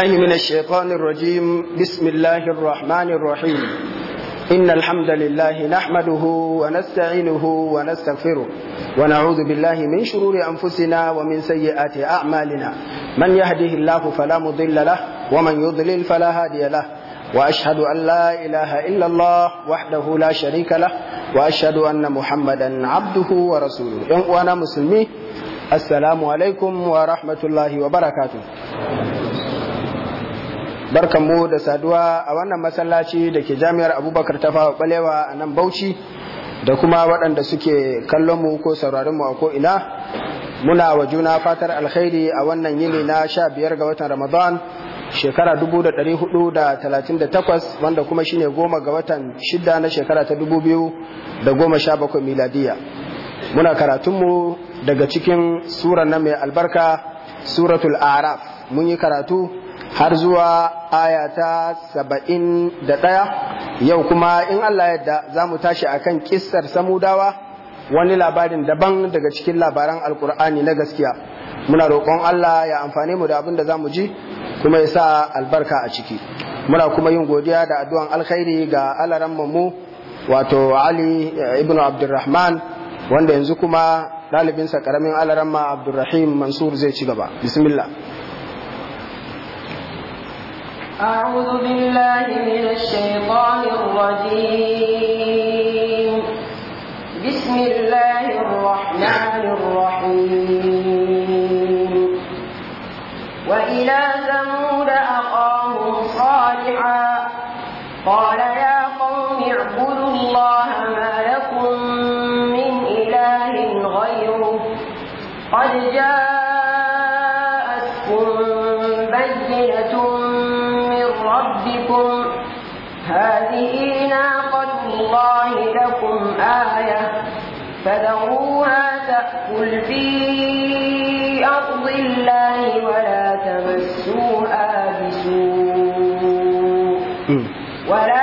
الله من الشيطان الرجيم بسم الله الرحمن الرحيم إن الحمد لله نحمده ونستعينه ونستغفره ونعوذ بالله من شرور أنفسنا ومن سيئات أعمالنا من يهده الله فلا مضل له ومن يضلل فلا هادي له وأشهد أن لا إله إلا الله وحده لا شريك له وأشهد أن محمدا عبده ورسوله وأنا مسلمي السلام عليكم ورحمة الله وبركاته barkan mu da saduwa a wannan masallaci da ke jami'ar abubakar ta fawa balewa a nan bauchi da kuma waɗanda suke kallon mu ko sauraron mu a ko'ina muna wa juna fatar alkhairi a wannan yini na sha biyar ga watan ramadan shekara takwas wanda kuma shine goma ga watan shida na shekara ta da goma sha 2017 miladiya muna karatunmu daga cikin sura na mai albarka suratul araf mun yi karatu har zuwa aya ta saba'in da ɗaya yau kuma in Allah yadda za mu tashi a kan kissar samudawa wani labarin daban daga cikin labaran alkur'ani na gaskiya muna roƙon Allah ya amfani mu da abin da za mu ji kuma ya sa albarka a ciki muna kuma yin godiya da addu'an alkhairi ga alaran mu wato Ali eh, ibn Abdulrahman wanda yanzu kuma ɗalibinsa ƙaramin alaran ma Abdulrahim Mansur zai ci gaba bismillah أعوذ بالله من الشيطان الرجيم بسم الله الرحمن الرحيم وإلى ثمود أخاهم صالحا قال يا الآية فذروها تأكل في أرض الله ولا تمسوها بسوء ولا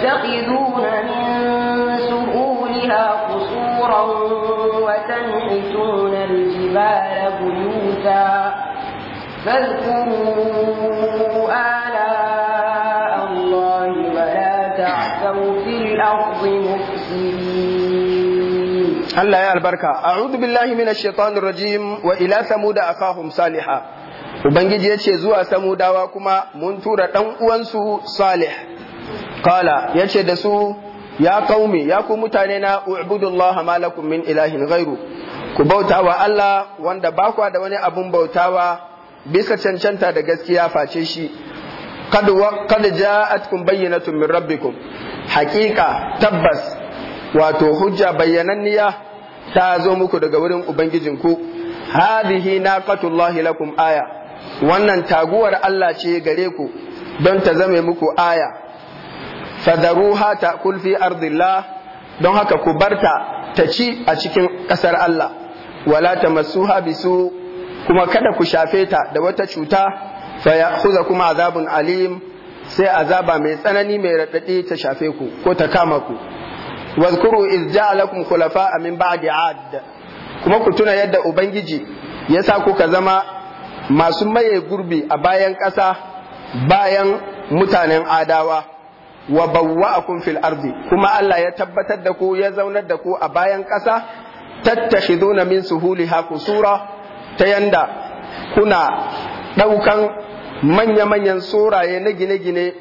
تتخذون من سهولها قصورا وتنحتون الجبال بيوتا فاذكروا آلاء الله ولا تعثوا في الأرض مفسدين الله يا البركة أعوذ بالله من الشيطان الرجيم وإلى ثمود أخاهم صالحا Ubangiji ya ce zuwa samudawa kuma mun tura ɗan uwansu Salih qala yace da su ya kaume ya ku mutane na u'budullaha ma min ilahin ghairu ku bautawa Allah wanda ba da wani abun bautawa bisa cancanta da gaskiya face shi kad kad ja'atkum bayyinatun min rabbikum haqiqa tabbas wato hujja bayyananniya ta zo muku daga wurin ubangijinku na naqatullahi lakum aya wannan taguwar Allah ce gare ku don ta zame muku aya fadaruha ta fi ardillah don haka ku barta ta ci a cikin ƙasar Allah wala tamassuha bisu kuma kada ku shafe ta da wata cuta fa kuma azabun alim sai azaba mai tsanani mai radadi ta shafe ku ko ta kama ku wazkuru iz ja'alakum khulafa min ba'di 'ad kuma ku tuna yadda ubangiji ya sa kuka zama masu maye gurbi a bayan ƙasa bayan mutanen adawa wa bawwa'akum fil ardi kuma Allah ya tabbatar da ku ya zaunar da ku a bayan ƙasa tattashiduna min suhuliha kusura ta yanda kuna ɗaukan manya-manyan suraye na gine-gine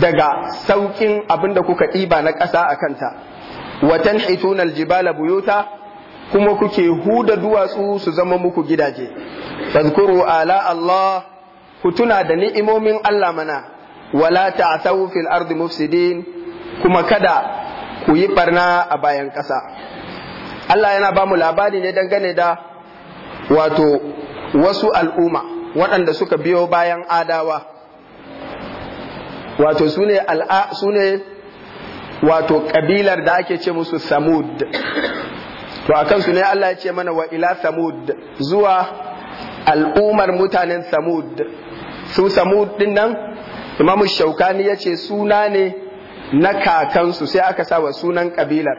daga sauƙin abinda kuka ɗiba na ƙasa a kanta wa tanhituna aljibala buyuta kuma kuke huda duwatsu su zama muku gidaje fadhkuru ala Allah ku tuna da ni'imomin Allah mana wala ta'thaw fil ardi mufsidin kuma kada ku yi barna a bayan ƙasa Allah yana ba mu labari ne dangane da wato wasu al'umma waɗanda suka biyo bayan adawa wato su ne wato ƙabilar da ake ce musu samud to a kansu ne Allah ya ce mana wa ila samud zuwa al'ummar mutanen samud su samud din nan imamu shaukani ya ce suna ne na kakansu sai aka sa wa sunan kabilar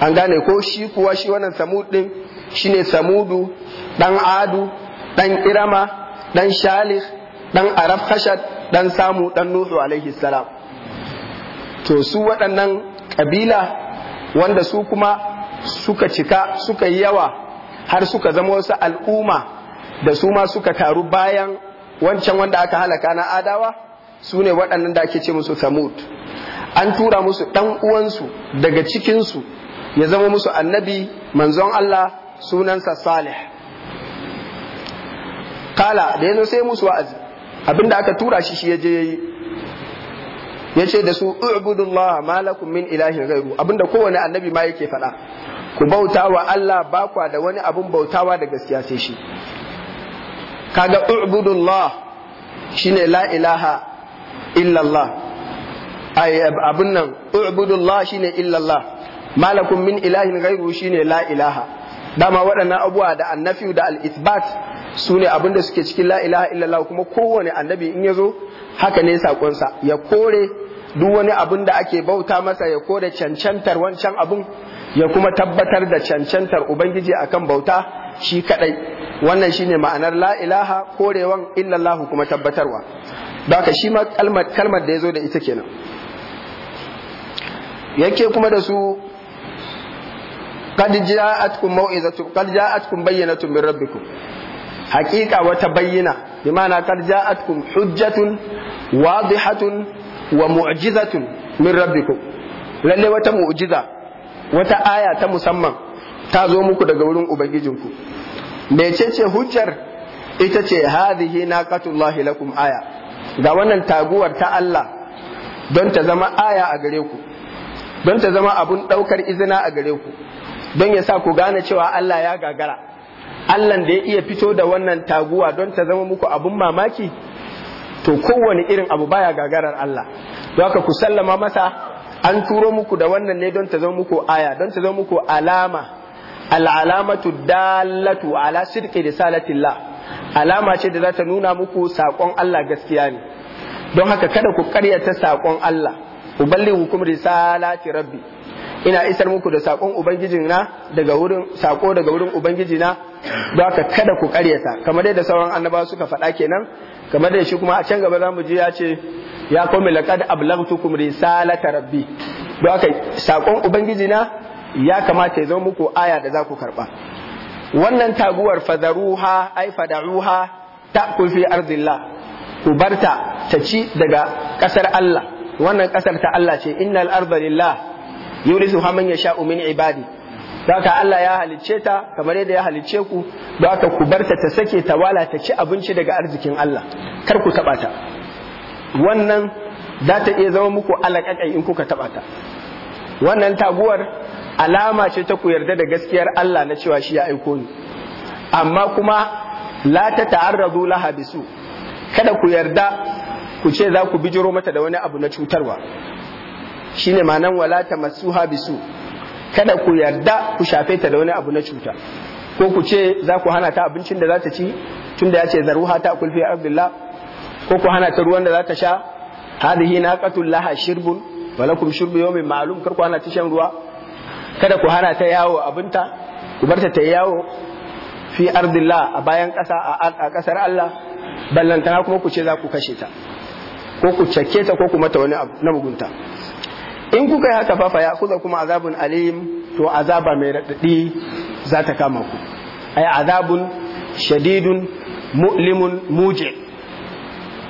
an gane ko shi kuwa shi wannan samud din shine samudu ɗan adu ɗan irama ɗan shalih ɗan araf ɗan dan samu ɗan nuhu alaihi salam to su waɗannan kabila wanda su kuma suka cika suka yi yawa har suka zama wasu al'umma da su ma suka taru bayan wancan wanda aka halaka na adawa su ne waɗannan da ake ce musu samud an tura musu ɗan uwansu daga cikinsu ya zama musu annabi manzon Allah sunansa salih kala da yazo sai musu wa'azi abinda aka tura shi shi ya je yayi ce da su ubudullah ma lakum min ilahin ghairu abinda kowane annabi ma yake faɗa ku bauta wa Allah bakwa da wani abun bautawa da gaskiya sai shi kaga ubudullah shine la ilaha illallah ay abun nan ubudullah shine illallah malakum min ilahin ghairu shine la ilaha dama waɗannan abubuwa da annafi da al-ithbat su ne da suke cikin la ilaha illallah kuma kowane annabi in ya zo haka ne sa ya kore duk wani abin da ake bauta masa ya kore cancantar wancan abun? ya kuma tabbatar da cancantar ubangiji akan bauta shi kadai wannan shine ma'anar la ilaha korewan illallahu kuma tabbatarwa baka shi ma kalmar kalmar da yazo da ita kenan yake kuma da su qad ja'atkum mau'izatu qad ja'atkum bayyanatun min rabbikum haqiqa wata bayyana bi ma'ana qad ja'atkum hujjatun wadihatun wa mu'jizatun min rabbikum lalle wata mu'jiza wata aya ta musamman ta zo muku daga wurin ubangijinku mecece hujjar ita ce hadhihi naqatullahi lakum aya ga wannan taguwar ta Allah don ta zama aya a gare ku don ta zama abun daukar izina a gare ku don ya sa ku gane cewa Allah ya gagara Allah da ya iya fito da wannan taguwa don ta zama muku abun mamaki to kowane irin abu baya gagarar Allah don haka ku sallama masa an turo muku da wannan ne don ta zama muku aya don ta zama muku alama al'alamatu dalatu ala da salatillah alama ce da za ta nuna muku saƙon Allah gaskiya ne don haka kada ku karyata saƙon Allah hukum risalati rabbi ina isar muku da saƙon ubangiji na daga wurin saƙo daga wurin ubangiji don haka kada ku karyata kamar da sauran annabawa suka faɗa kenan kamar dai shi kuma a can gaba za mu ji ya ce ya qawmi laqad ablaghtukum risalata rabbi don haka saƙon ubangiji ya kamata ya zama muku aya da za ku karba wannan taguwar fadaruha ai fada'uha ta fi ardillah ku barta ta ci daga kasar Allah wannan kasar ta Allah ce innal arda lillah yurisuha man yasha'u min ibadi haka Allah ya halicce ta kamar yadda ya halicce ku don haka ku barta ta sake ta wala ta ci abinci daga arzikin Allah kar ku taba ta wannan za ta iya zama muku alaƙaƙai in kuka taba ta wannan taguwar alama ce ta ku yarda da gaskiyar Allah na cewa shi ya aiko ni amma kuma la ta ta'arradu laha bisu kada ku yarda ku ce za ku bijiro mata da wani abu na cutarwa shine ma'anan wala masuha bisu kada ku yarda ku shafe ta da wani abu na cuta ko ku ce za ku hana ta abincin da za ta ci tun da ya ce zaruha ta kulfi abdullah ko ku hana ta ruwan da za ta sha hadhihi naqatul laha shirbun wa lakum shurbu yawmin ma'lum kar ku hana ta shan ruwa kada ku hana ta yawo abinta ku barta ta yawo fi ardillah a bayan kasa a ƙasar Allah ballanta kuma ku ce za ku kashe ta ko ku cake ta ko ku mata wani abu na mugunta in kuka yi haka fa fa kuza kuma azabun alim to azaba mai radadi za ta kama ku ay azabun shadidun mu'limun muje,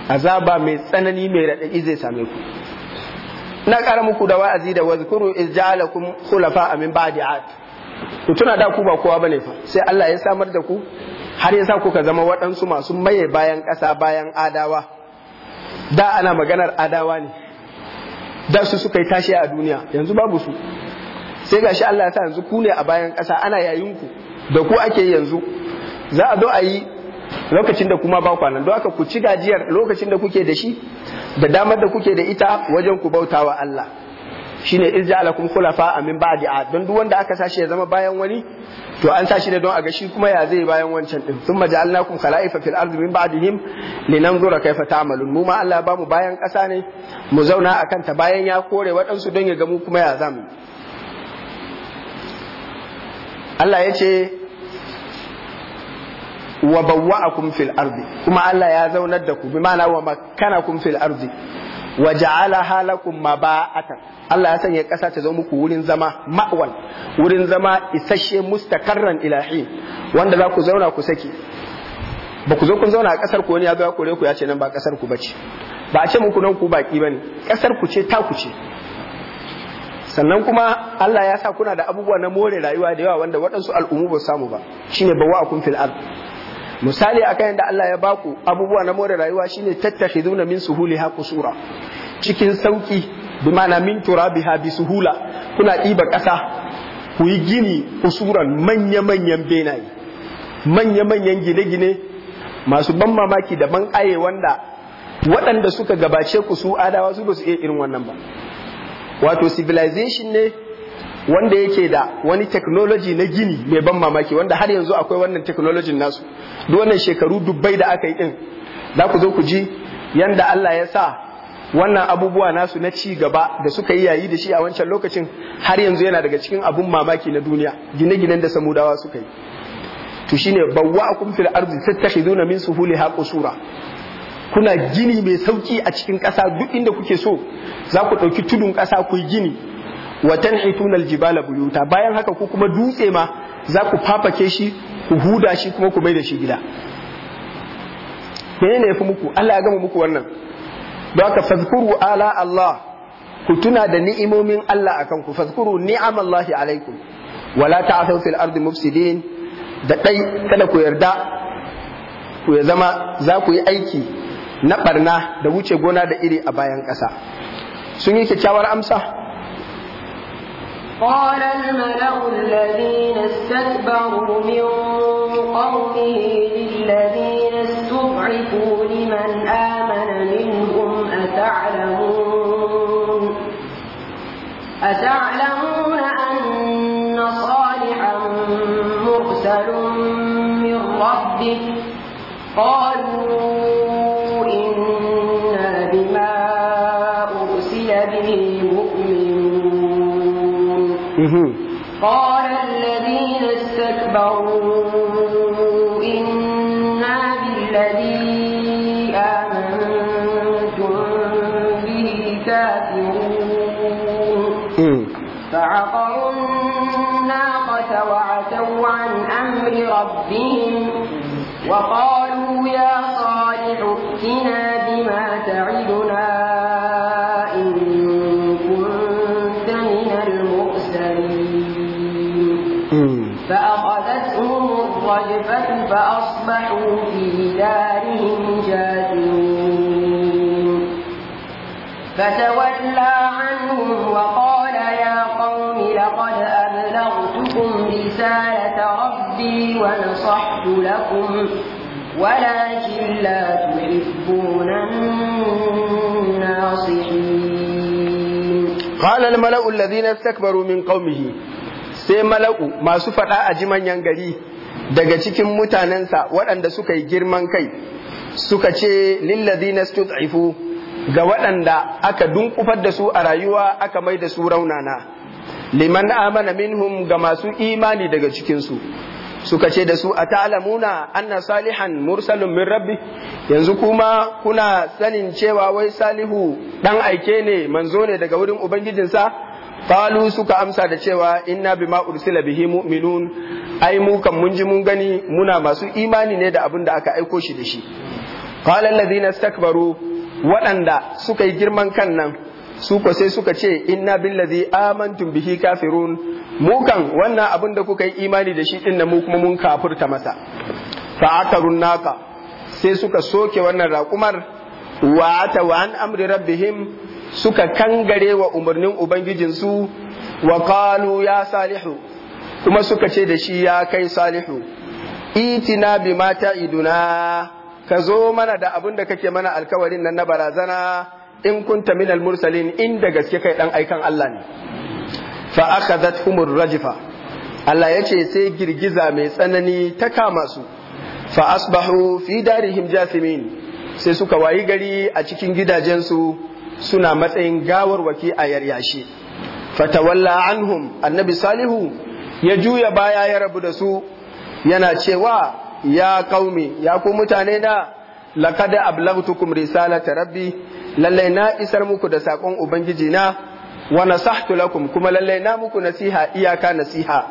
azaba mai tsanani mai raɗaɗi zai same ku na ƙara muku da wa'azi da wazkuru iz ja'alakum khulafa min ba'di ad to tuna da ku ba kowa bane fa sai Allah ya samar da ku har ya sa kuka zama waɗansu masu maye bayan ƙasa bayan adawa da ana maganar adawa ne da su suka yi tashi a duniya yanzu babu su sai gashi Allah ya sa yanzu ku ne a bayan ƙasa ana yayin ku da ku ake yanzu za a zo a yi lokacin da kuma ba kwanan don haka ku ci gajiyar lokacin da kuke da shi da damar da kuke da ita wajen ku bauta wa Allah shine irja alakum khulafa amin ba'di a don duk wanda aka sashi ya zama bayan wani to an sashi da don a ga shi kuma ya zai bayan wancan din thumma ja'alnakum khala'ifa fil ardi min ba'dihim linanzura kayfa ta'malun mu ma Allah ba mu bayan kasa ne mu zauna a kanta bayan ya kore waɗansu don ya ga mu kuma ya zamu Allah ya ce wa bawwa'akum fil ardi kuma Allah ya zaunar da ku bi ma'ana wa makkanakum fil ardi wa ja'ala halakum maba'ata Allah ya sanya ƙasa ta zama muku wurin zama ma'wal wurin zama isasshe mustaqarran ilahi wanda za ku zauna ku saki ba ku zo kun zauna a ƙasar ku wani ya zo ya kore ku ya ce nan ba ƙasar ku bace ba a ce muku nan ku baki bane ƙasar ku ce ta ku ce sannan kuma Allah ya sa kuna da abubuwa na more rayuwa da yawa wanda waɗansu al'umu ba samu ba shine bawwa'akum fil ardi misali akan yadda Allah ya baku abubuwa na more rayuwa shine tattakhiduna min suhuliha qusura cikin sauki bi ma'ana min turabiha bi suhula kuna ɗiba ƙasa ku yi gini kusuran manya-manyan benaye manya-manyan gine-gine masu ban mamaki da ban aye wanda waɗanda suka gabace ku su adawa su ba su iya irin wannan ba wato civilization ne wanda yake da wani technology na gini mai ban mamaki wanda har yanzu akwai wannan technology nasu duk wannan shekaru dubbai da aka yi din za ku zo ku ji yanda Allah ya sa wannan abubuwa nasu na ci gaba da suka yi yayi da shi a wancan lokacin har yanzu yana daga cikin abun mamaki na duniya gine-ginen da samudawa suka yi to shine akum fil ardi tattakhiduna min suhuliha qusura kuna gini mai sauki a cikin ƙasa duk inda kuke so za ku ɗauki tudun ƙasa ku gini wa tanhituna aljibala buyuta bayan haka ku kuma dutse ma za ku fafake shi ku huda shi kuma ku mai da shi gida menene yafi muku Allah ya gama muku wannan don haka fazkuru ala Allah ku tuna da ni'imomin Allah akan ku fazkuru ni'amallahi alaikum wala ta'thaw fil ardi mufsidin da dai kada ku yarda ku ya zama za ku yi aiki na barna da wuce gona da iri a bayan ƙasa sun yi kyakkyawar amsa قال الملأ الذين استكبروا من قومه للذين استضعفوا لمن آمن منهم أتعلمون أتعلمون أن صالحا مرسل من ربه قالوا قال الذين استكبروا إنا بالذي آمنتم به كافرون فعقروا الناقة وعتوا عن أمر ربهم يغفر لكم ولكن لا تحبون الناصحين قال الملأ الذين استكبروا من قومه sai mala'u masu faɗa a ji manyan gari daga cikin mutanensa waɗanda suka yi girman kai suka ce lillazina stud'ifu ga waɗanda aka dunkufar da su a rayuwa aka mai da su raunana liman amana minhum ga masu imani daga cikinsu suka ce da su a ta'alamuna anna salihan mursalun min rabbi yanzu kuma kuna sanin cewa wai salihu dan aike ne manzo ne daga wurin ubangijinsa Falu suka amsa da cewa inna bima ursila bihi mu'minun ai mu kan mun ji mun gani muna masu imani ne da abin da aka aiko shi da shi qala alladhina istakbaru waɗanda suka yi girman kan nan su ko sai suka ce inna billazi amantum bihi kafirun mu kan wannan abin da kuka yi imani da shi din mu kuma mun kafurta masa fa akarun naka sai suka soke wannan raƙumar wa ta wa an amri rabbihim suka kangare wa umarnin ubangijinsu wa qalu ya salihu kuma suka ce da shi ya kai salihu itina bi mata iduna ka zo mana da abin da kake mana alkawarin nan na barazana in kunta min minal mursalin inda gaske kai dan aikan Allah ne fa humur rajfa Allah yace sai girgiza mai tsanani ta kama su fa asbahu fi darihim jathimin sai suka wayi gari a cikin gidajensu suna matsayin gawarwaki a yaryashe fatawalla anhum annabi salihu ya juya baya ya rabu da su yana cewa ya kaumi ya ku mutane na laqad ablaghtukum risalata rabbi lallai na isar muku da sakon ubangiji na wa nasahtu lakum kuma lallai na muku nasiha iyaka nasiha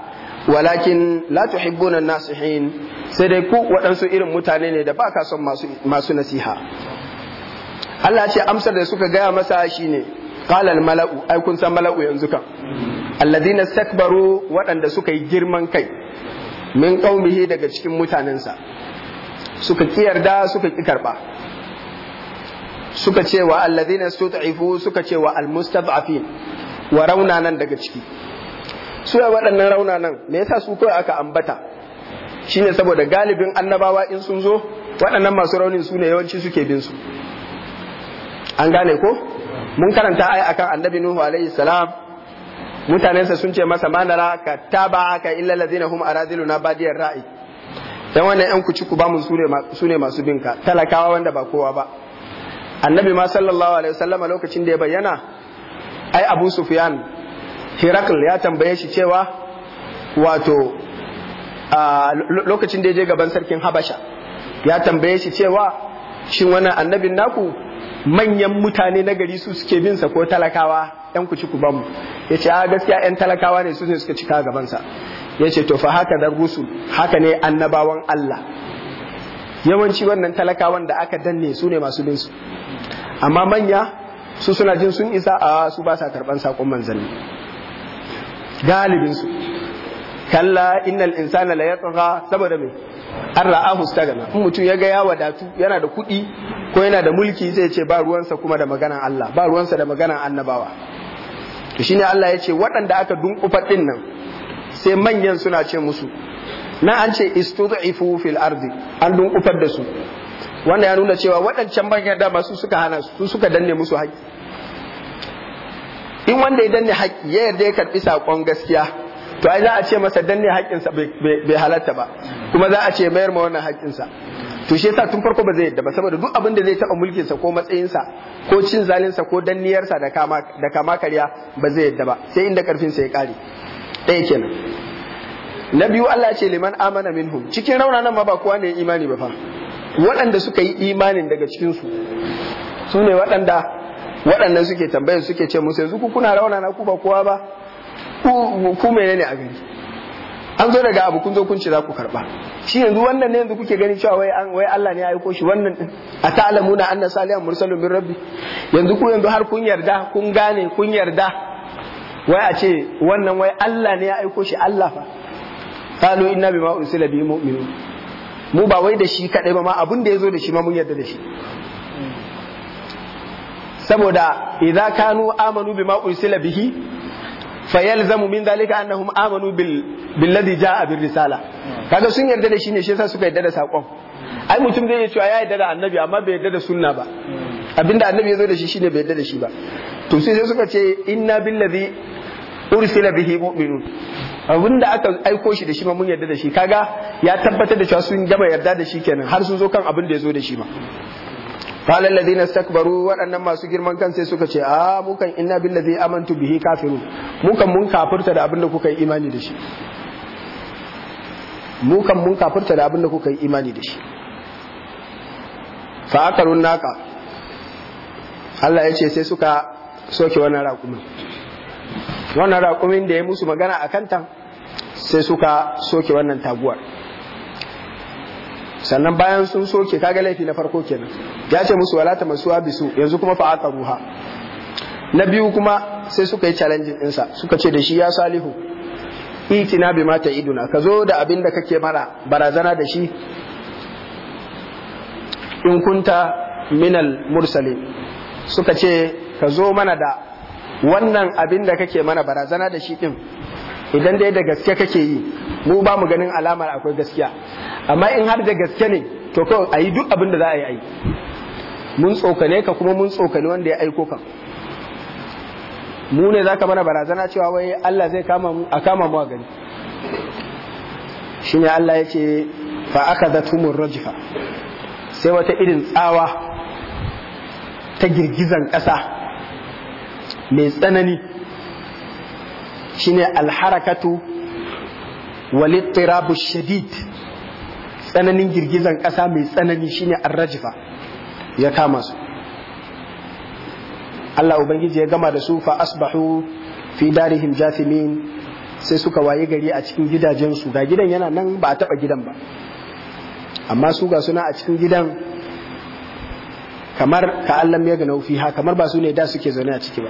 walakin la tuhibbuna nasihin sai dai ku waɗansu irin mutane ne da ba ka son masu, masu nasiha Allah ce amsar da suka gaya masa shine qala al mala'u ai kun san mala'u yanzu kan alladhina stakbaru waɗanda suka yi girman kai min qaumihi daga cikin mutanensa suka kiyarda suka ki karba suka ce wa alladhina stut'ifu suka ce wa almustad'afin wa raunanan daga ciki su ya waɗannan raunanan me yasa su kawai aka ambata shine saboda galibin annabawa in sun zo waɗannan masu raunin su ne yawanci suke bin su an gane ko mun karanta ai akan annabi nuhu alaihi salam mutanensa sun ce masa manara ka taba ka illa ladina hum aradiluna badiyar ra'i dan wannan yan kuci ku ba mun sune masu binka talakawa wanda ba kowa ba annabi ma sallallahu alaihi wasallama lokacin da ya bayyana ai abu sufyan hirakl ya tambaye shi cewa wato lokacin da ya je gaban sarkin habasha ya tambaye shi cewa shin wannan annabin naku manyan mutane na gari su suke bin sa ko talakawa yan ci ku bamu yace a gaskiya yan talakawa ne su ne suka cika gaban sa yace to fa haka da rusul haka ne annabawan Allah yawanci wannan talakawan da aka danne su ne masu binsu amma manya su suna jin sun isa a su ba sa karban sakon manzanni galibinsu kalla innal insana la yatgha saboda me an ra'ahu stagana in mutum ya gaya ya wadatu yana da kuɗi ko yana da mulki zai ce ba ruwansa kuma da maganan Allah ba ruwansa da maganan annabawa to shine Allah ya ce waɗanda aka dunkufa din nan sai manyan suna ce musu na an ce istud'ifu fil ardi an dunkufar da su wanda ya nuna cewa waɗancan bayan da masu suka hana su suka danne musu haƙƙi in wanda ya danne haƙƙi ya yarda ya karɓi saƙon gaskiya to ai za a ce masa danne haƙƙinsa bai halarta ba kuma za a ce mayar ma wannan haƙƙinsa to shi yasa tun farko ba zai yadda ba saboda duk abin da zai taɓa sa ko matsayin sa ko cin zalinsa ko danniyarsa da kama da kama karya ba zai yarda ba sai inda karfinsa ya ƙare ɗaya kenan na biyu Allah ce liman amana minhum cikin nan ma ba kowa ne imani ba fa waɗanda suka yi imanin daga cikin su su ne waɗanda waɗannan suke tambayar suke ce musu yanzu ku kuna rauna na ku ba kowa ba ku menene a gari an zo daga abu kun zo kun ce za ku karba shi yanzu wannan ne yanzu kuke gani cewa wai an wai Allah ne ya aiko shi wannan din na anna salihan mursalun min rabbi yanzu ku yanzu har kun yarda kun gane kun yarda wai a ce wannan wai Allah ne ya aiko shi Allah fa qalu inna bima ursila bihi mu'minun mu ba wai da shi kadai ba ma abin da yazo da shi ma mun yarda da shi saboda idza kanu amanu bima ursila bihi fayalzamu min dhalika annahum amanu bil billadhi jaa bir risala kaga sun yarda da shi ne shi yasa suka yarda da sakon ai mutum zai iya ya yarda da annabi amma bai yarda da sunna ba abinda annabi ya zo da shi shine bai yarda da shi ba to sai suka ce inna billadhi ursila bihi mu'minun abin da aka aiko shi da shi ma mun yarda da shi kaga ya tabbatar da cewa sun gama yarda da shi kenan har sun zo kan abin da ya zo da shi ma qala alladhina istakbaru waɗannan masu girman kan sai suka ce a ah, mu kan inna billazi amantu bihi kafirun mu kan mun kafirta da abin da kuka yi imani da shi mu kan mun kafirta da abin da kuka yi imani da shi fa akalun naka Allah ya ce sai suka soke wannan raƙumin wannan raƙumin da ya musu magana a kanta sai suka soke wannan taguwar sannan bayan sun soke kaga laifi na farko kenan ya ce musu walata masuwa bisu yanzu kuma fa'aka ruha na biyu kuma sai suka yi challenge ɗinsa suka ce da shi ya salihu itina bi mata iduna ka zo da abin da kake mara barazana da shi in kunta minal mursali suka ce ka zo mana da wannan abin da kake mana barazana da shi din idan dai da gaske kake yi mu ba mu ganin alamar akwai gaskiya amma in har da gaske ne to kawai a yi duk abin da za a yi mun tsokane ka kuma mun tsokane wanda ya aiko ka mu ne za ka mana barazana cewa wai Allah zai kama mu a kama mu a gani shine Allah ya ce fa akhadathumur rajfa sai wata irin tsawa ta girgizan ƙasa mai tsanani shine alharakatu walittirabu shadid tsananin girgizan ƙasa mai tsanani shine arrajifa ya kama su Allah Ubangiji ya gama da su fa asbahu fi darihim jathimin sai suka waye gari a cikin gidajen su ga gidan yana nan ba a taɓa gidan ba amma su ga suna a cikin gidan kamar ka allam ya fi ha kamar ba su ne da suke zaune a ciki ba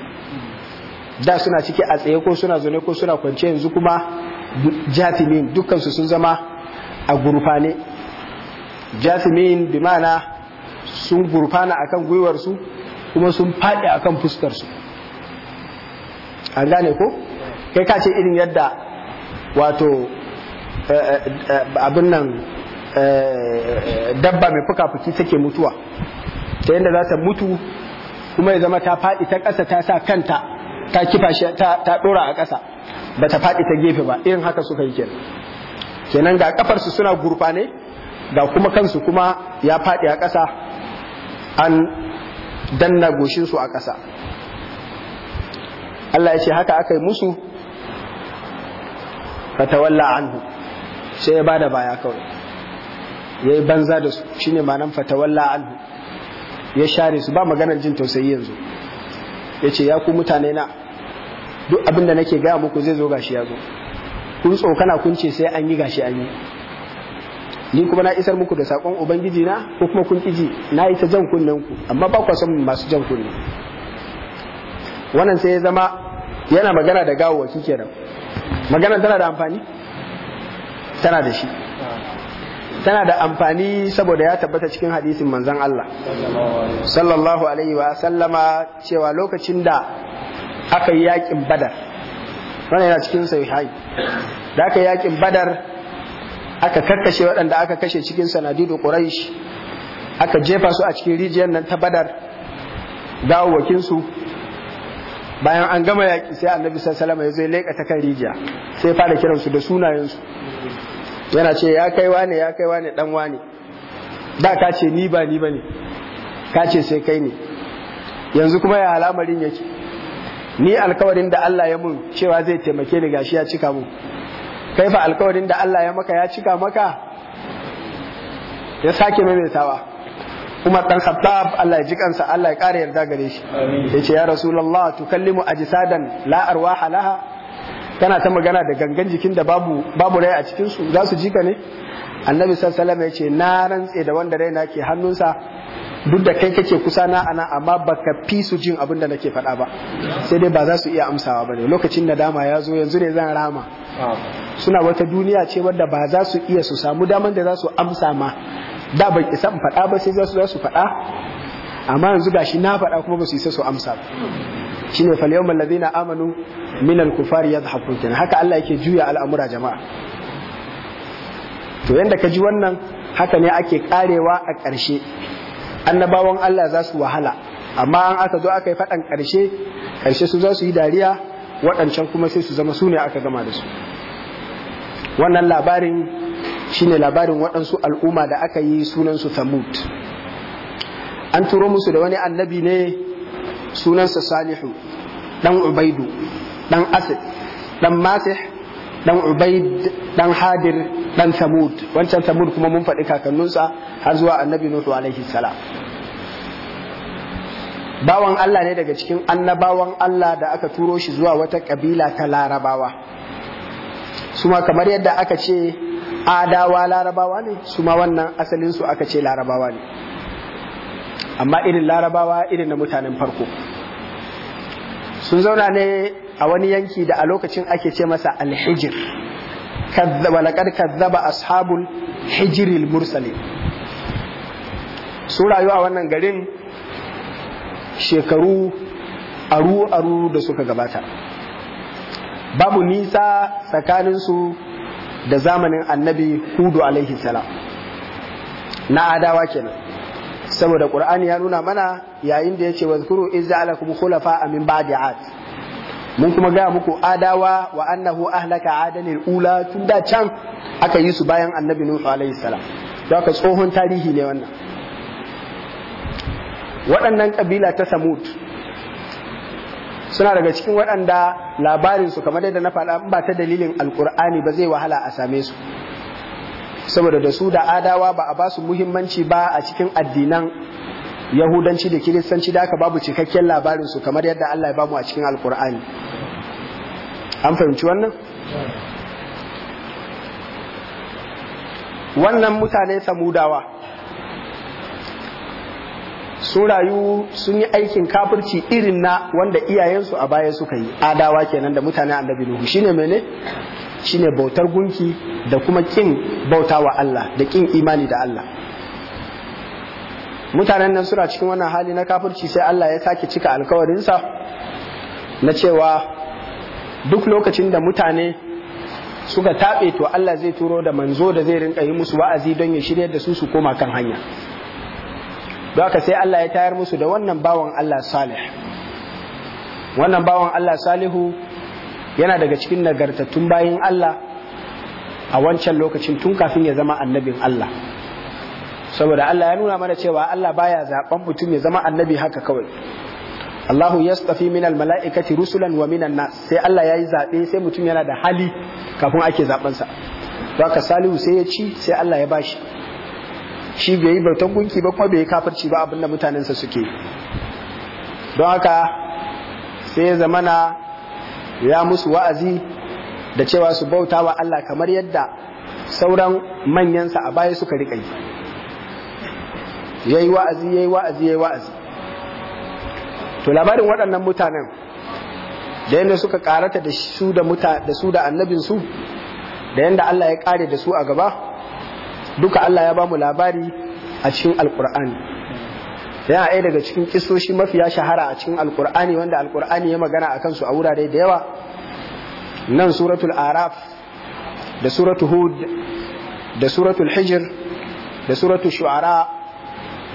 da suna ciki a tsaye ko suna zaune ko suna kwance yanzu kuma jatimin dukkan su sun zama a gurfane jatimin bi mana sun gurfana akan gwiwar su kuma sun faɗi akan fuskar su an gane ko kai ka ce irin yadda wato eh, eh, eh, abin nan dabba mai fuka-fuki take mutuwa ta yadda za ta mutu kuma ya zama ta faɗi ta ƙasa ta sa kanta ta kifa shi ta ɗora a ƙasa ba ta faɗi ta gefe ba irin haka suka yi kenan kenan ga ƙafarsu suna gurfa ne ga kuma kansu kuma ya faɗi a ƙasa an danna goshinsu a ƙasa Allah ya ce haka aka yi musu fatawalla anhu sai ya bada baya kawai ya yi banza da su shine nan fatawalla anhu ya share su ba maganar jin tausayi yanzu ya ce ya ku mutane na duk abinda da nake gaya muku zai zo gashi ya zo kun tsokana kun ce sai an yi gashi an yi ni kuma na isar muku da sakon ubangiji na ko kuma kun kiji na yi ta jan kunnen ku amma ba ku san masu jan kunne wannan sai ya zama yana magana da gawo kike da magana tana da amfani tana da shi tana da amfani saboda ya tabbata cikin hadisin manzan Allah sallallahu alaihi wa sallama cewa lokacin da aka yi yakin badar wani yana cikin sahihai da aka yi yakin badar aka karkashe waɗanda aka kashe cikin sanadidu quraish aka jefa su a cikin rijiyar nan ta badar gawawwakin su bayan an gama yaƙi sai annabi sallallahu alaihi ya zo ya leƙa ta kan rijiya sai fara kiransu da sunayensu yana ce ya kai wane ya kai wane dan wane da ka ce ni ba ni bane ka ce sai kai ne yanzu kuma ya al'amarin yake ni alkawarin da Allah ya mun cewa zai taimake ni gashi ya cika mun kai fa alkawarin da Allah ya maka ya cika maka ya sake maimaitawa kuma dan Khattab Allah ya ji kansa Allah ya kare yarda gare shi yace ya Rasulullah tukallimu ajsadan la arwaha laha kana ta magana da gangan jikin da babu babu rai a cikin su za su ji ka ne annabi sallallahu ya ce na rantse da wanda na ke hannunsa duk da kai kake kusa na ana amma baka fi su jin abin da nake faɗa ba sai dai ba za su iya amsawa ba ne lokacin nadama ya zo yanzu ne zan rama suna wata duniya ce wadda ba za su iya su samu daman da za su amsa ma da ban isa in faɗa ba sai za za su faɗa amma yanzu gashi na faɗa kuma ba su isa su amsa ba shine fal yawmal na amanu min al kufari yadhhakun kenan haka Allah yake juya al'amura jama'a to yadda ka ji wannan haka ne ake karewa a ƙarshe annabawan Allah za su wahala amma an aka zo aka yi faɗan ƙarshe ƙarshe su za su yi dariya waɗancan kuma sai su zama su ne aka gama da su wannan labarin shine labarin waɗansu al'umma da aka yi sunansu thamud an turo musu da wani annabi ne sunansa salihu dan ubaidu dan asif dan masih dan ubaid dan hadir dan samud wancan samud kuma mun faɗi kakanninsa har zuwa annabi nuhu alaihi salam bawan Allah ne daga cikin annabawan Allah da aka turo shi zuwa wata kabila ta larabawa su kamar yadda aka ce adawa larabawa ne su wannan asalinsu aka ce larabawa ne amma irin larabawa irin na mutanen farko sun zauna ne a wani yanki da a lokacin ake ce masa alhijir walakar kazzaba ashabul hijiril mursali su rayu a wannan garin shekaru aru-aru da suka gabata babu nisa tsakaninsu da zamanin annabi hudu alaihi salam na adawa kenan saboda qur'ani ya nuna mana yayin da yace wazkuru iz alakum khulafa min ba'di 'ad mun kuma ga muku adawa wa annahu ahlaka adanil ula tun da can aka yi su bayan annabi nuhu alaihi salam to aka tsohon tarihi ne wannan waɗannan kabila ta samud suna daga cikin waɗanda labarinsu kamar da na faɗa ba ta dalilin alkur'ani ba zai wahala a same su saboda da su da adawa ba a ba su muhimmanci ba a cikin addinan yahudanci da kiristanci da aka babu cikakken labarin su kamar yadda Allah ya bamu a cikin alkur'ani an fahimci wannan wannan mutane samudawa sun rayu sun yi aikin kafirci irin na wanda iyayensu a baya suka yi adawa kenan da mutane annabi nuhu shine mene shine bautar gunki da kuma kin bautawa Allah da kin imani da Allah mutanen nan suna cikin wannan hali na kafirci sai Allah ya sake cika alkawarinsa na cewa duk lokacin da mutane suka taɓe to Allah zai turo da manzo da zai rinka yi musu wa'azi don ya shirya da su su koma kan hanya don haka sai Allah ya tayar musu da wannan bawan Allah salih wannan bawan Allah salihu yana daga cikin nagartattun bayan Allah a wancan lokacin tun kafin ya zama annabin Allah saboda Allah ya nuna mana cewa Allah baya zaben mutum ya zama annabi haka kawai Allahu yastafi al mala'ikati rusulan wa minan nas sai Allah ya yi zaɓe sai mutum yana da hali kafin ake zaɓansa. sa haka Salihu sai ya ci sai Allah ya bashi shi bai yi bautan gunki ba kuma bai yi kafirci ba abinda mutanensa suke don haka sai ya zamana ya musu wa'azi da cewa su bauta wa Allah kamar yadda sauran manyansa a baya suka riƙa yi yayi wa'azi yi wa'azi ya yi wa'azi to labarin waɗannan mutanen da yadda suka ƙarata da su da muta da su da annabin da yadda Allah ya ƙare da su a gaba duka Allah ya ba mu labari a cikin alkur'ani yana ɗaya daga cikin kisoshi mafiya shahara a cikin alkur'ani wanda alkur'ani ya magana a kansu a wurare da yawa nan suratul araf da suratul hud da suratul hijir da suratul shu'ara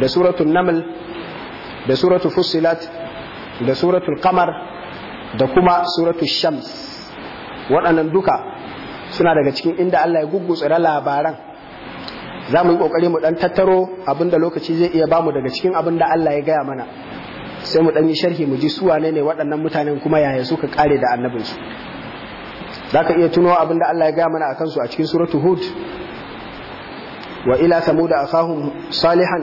da suratul naml da suratul Fusilat, da suratul Kamar, da kuma suratul shams waɗannan duka suna daga cikin inda Allah ya guggutsa labaran za mu yi kokari mu ɗan tattaro abinda lokaci zai iya bamu daga cikin abin da Allah ya gaya mana sai mu ɗan yi sharhi mu ji su wane ne waɗannan mutanen kuma yaya suka kare da annabinsu. Za ka iya tuno abinda Allah ya gaya mana a kansu a cikin suratu hud wa ila samuda akahum salihan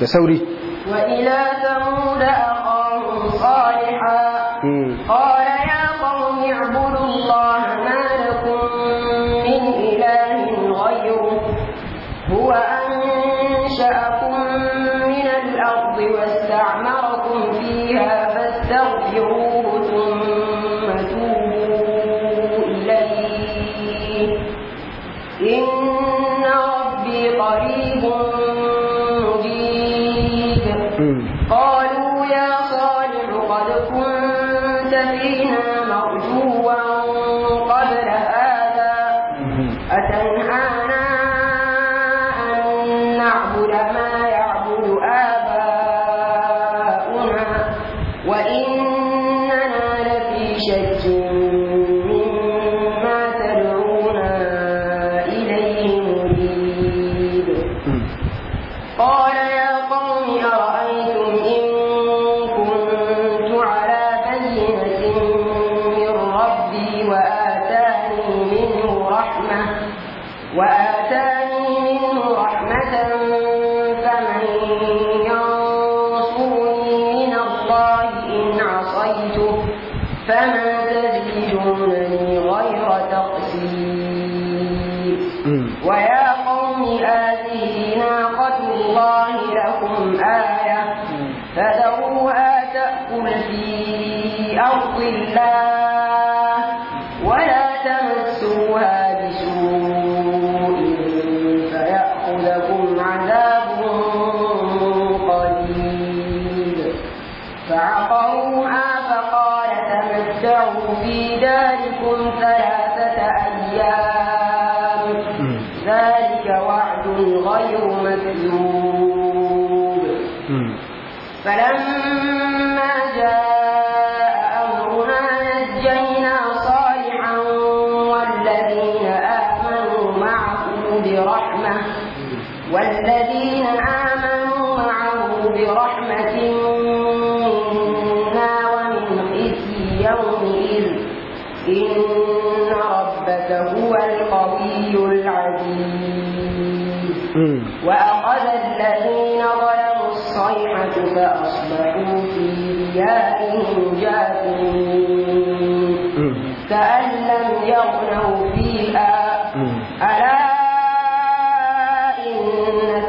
da sauri wa ila samuda akahum salihan hmm. qala ya qawmi ibudullaha ونزعنا فيها كأن لم يغنوا فيها ألا إن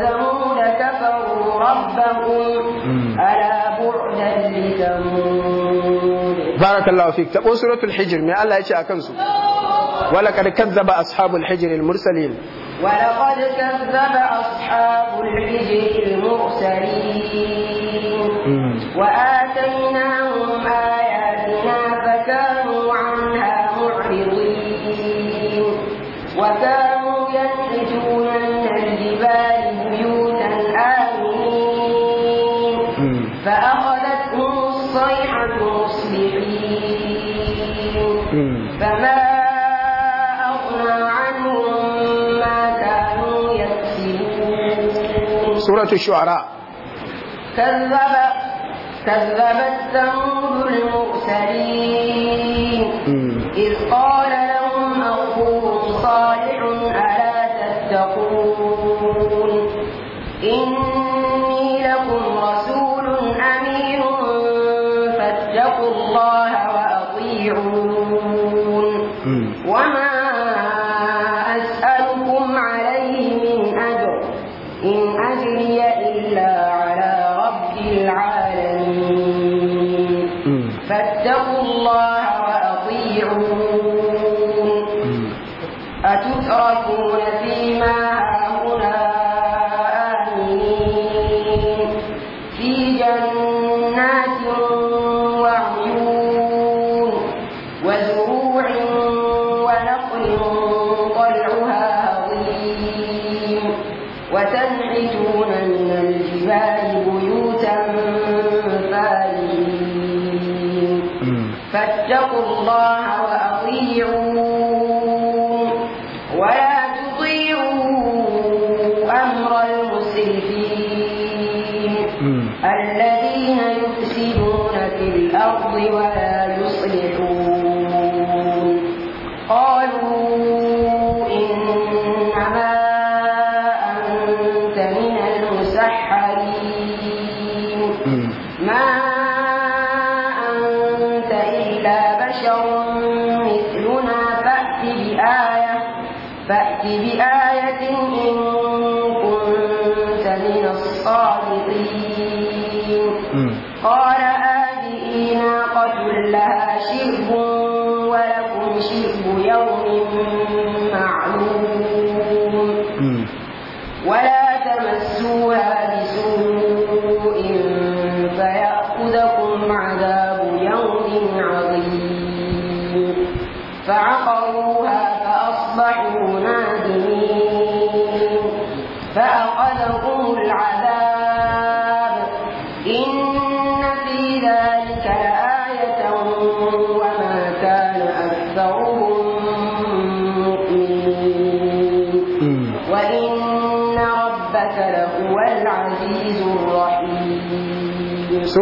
كفروا ربهم ألا بعدا بارك الله فيك تقول سورة الحجر ما الله يشاء كنسو ولقد كذب أصحاب الحجر المرسلين ولقد كذب أصحاب الحجر المرسلين وآتيناهم آياتنا فكانوا عنها معرضين وكانوا ينحتون من الجبال بيوتا آمنين فأخذتهم الصيحة مصبحين فما أغنى عنهم ما كانوا يكسبون سورة الشعراء كذب كذبت ثمود المرسلين إذ قال لهم أخوهم صالح ألا تتقون إن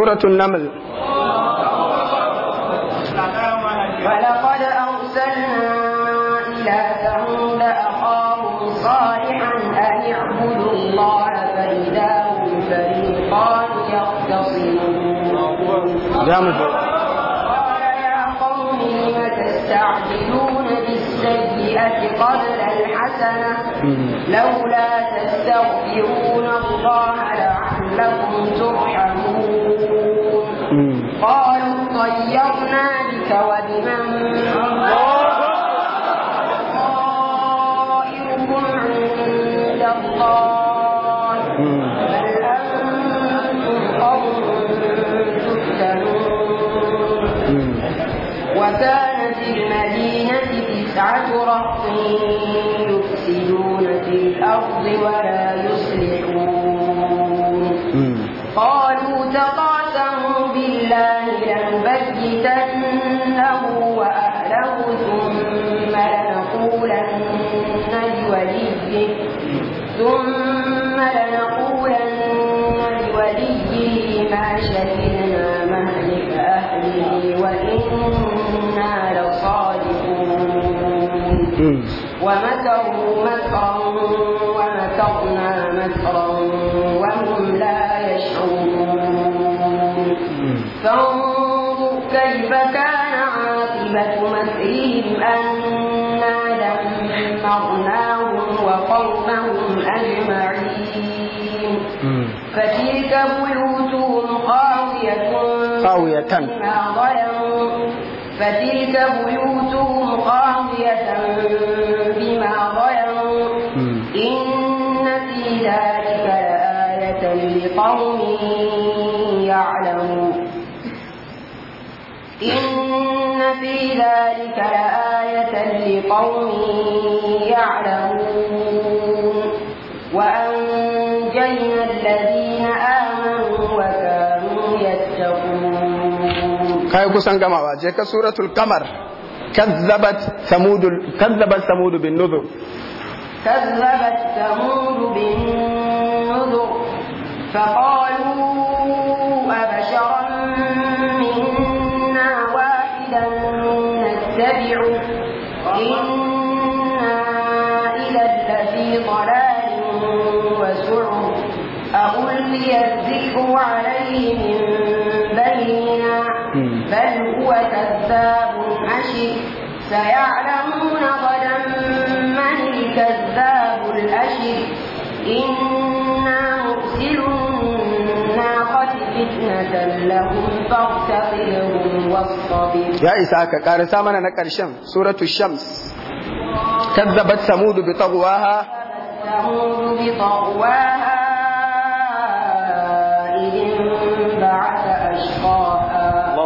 سورة النمل ولقد أرسلنا إلى ثمود أخاهم صالحا أن اعبدوا الله فإذا هم فريقان يختصمون قال يا قوم تستعجلون بالسيئة قبل الحسنة لولا تستغفرون الله لعلكم ترحمون قالوا طيرنا بك وبمن طائركم عند الله بل أنتم قوم تفتنون وكان في المدينة تسعة رهط يفسدون في الأرض ولا يصلحون ثم لنقولن لوليه ما شهدنا مهلك أهله وإنا لصادقون ومكروا مكرا ومكرنا مكرا وهم لا يشعرون فانظر كيف كان عاقبة مكرهم أنا دمرنا أجمعين فتلك بيوتهم خاوية خاوية بما ظلموا فتلك بيوتهم خاوية بما ظلموا إن في ذلك لآية لقوم يعلمون إن في ذلك لآية لقوم يعلمون وأنجينا الذين آمنوا وكانوا يتقون كاي كسان جماعة جيكا سورة القمر كذبت ثمود كذبت ثمود بالنذر كذبت ثمود بالنذر فقالوا أبشرا منا واحدا نتبعه يتلو عليهم بينا بل هو كذاب أشر سيعلمون غدا من الكذاب الأشر إنا مرسل الناقة فتنة لهم واصطبر يا إسحاق قال سامنا نكر الشمس سورة الشمس كذبت ثمود بطغواها ثمود بطغواها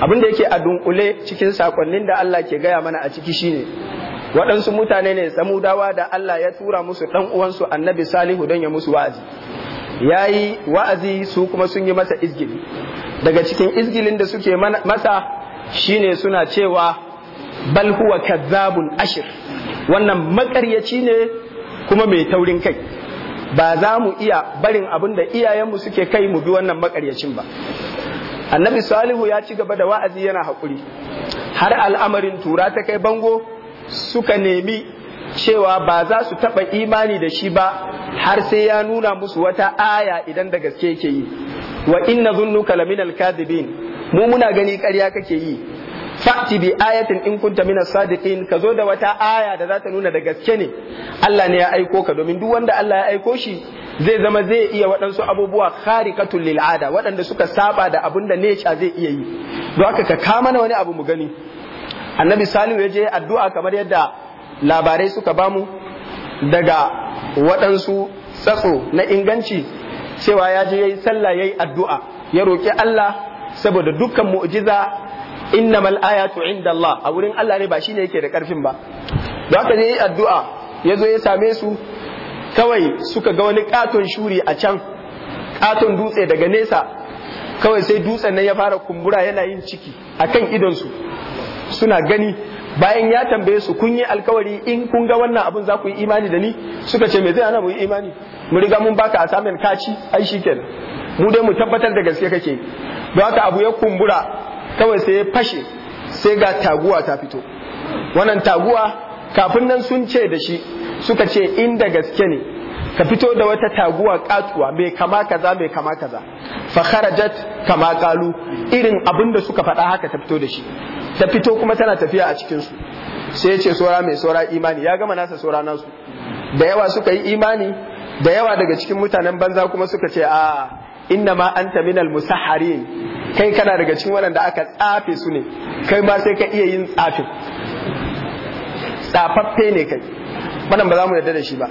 abin da yake a dunkule cikin sakonnin da Allah ke gaya mana a ciki shine waɗansu mutane ne samudawa da Allah ya tura musu ɗan uwansu annabi salihu don ya musu wa'azi ya yi wa'azi su kuma sun yi masa izgili daga cikin izgilin da suke masa shine suna cewa balhuwa huwa kazzabun ashir wannan makaryaci ne kuma mai taurin kai ba za mu iya barin abin da iyayenmu suke kai mu bi wannan makaryacin ba annabi salihu ya ci gaba da wa'azi yana hakuri. har al'amarin tura ta kai bango suka nemi cewa ba za su taɓa imani da shi ba har sai ya nuna musu wata aya idan da gaske yake yi wa inna zunnuka laminal kadibin mu muna gani ƙarya kake yi fa'ti bi ayatin in kunta minas sadiqin ka zo da wata aya da za ta nuna da gaske ne Allah ne ya aiko ka domin duk wanda Allah ya aiko shi zai zama zai iya waɗansu abubuwa kharikatul lil ada waɗanda suka saba da abin da necha zai iya yi don haka ka ka mana wani abu mu gani annabi salihu ya je addu'a kamar yadda labarai suka bamu daga waɗansu tsatso na inganci cewa ya je ya sallah ya yi addu'a ya roƙi Allah saboda dukkan mu'jiza innamal ayatu inda Allah a wurin Allah ne ba shi ne yake da karfin ba don haka ne yi addu'a ya zo ya same su kawai suka ga wani katon shuri a can katon dutse daga nesa kawai sai dutsen nan ya fara kumbura yana yin ciki A akan idonsu suna gani bayan ya tambaye su kun yi alkawari in kun ga wannan abun za ku yi imani da ni suka ce me zai ana mu yi imani mu riga mun baka a assignment kaci ai shikenan mu dai mu tabbatar da gaske kake don haka abu ya kumbura kawai sai ya fashe sai ga taguwa ta fito wannan taguwa kafin nan sun ce da shi suka ce inda gaske ne ka fito da wata taguwa katuwa mai kama kaza mai kama kaza fa kharajat kama qalu irin abinda suka faɗa haka ta fito da shi ta fito kuma tana tafiya a cikin su sai ya ce sora mai sora imani ya gama nasa sora nasu da yawa suka yi imani da yawa daga cikin mutanen banza kuma suka ce a inna ma anta minal musahharin kai kana daga cikin waɗanda aka tsafe su ne kai ma sai ka iya yin tsafe tsafaffe ne kai wannan ba za mu yarda da shi ba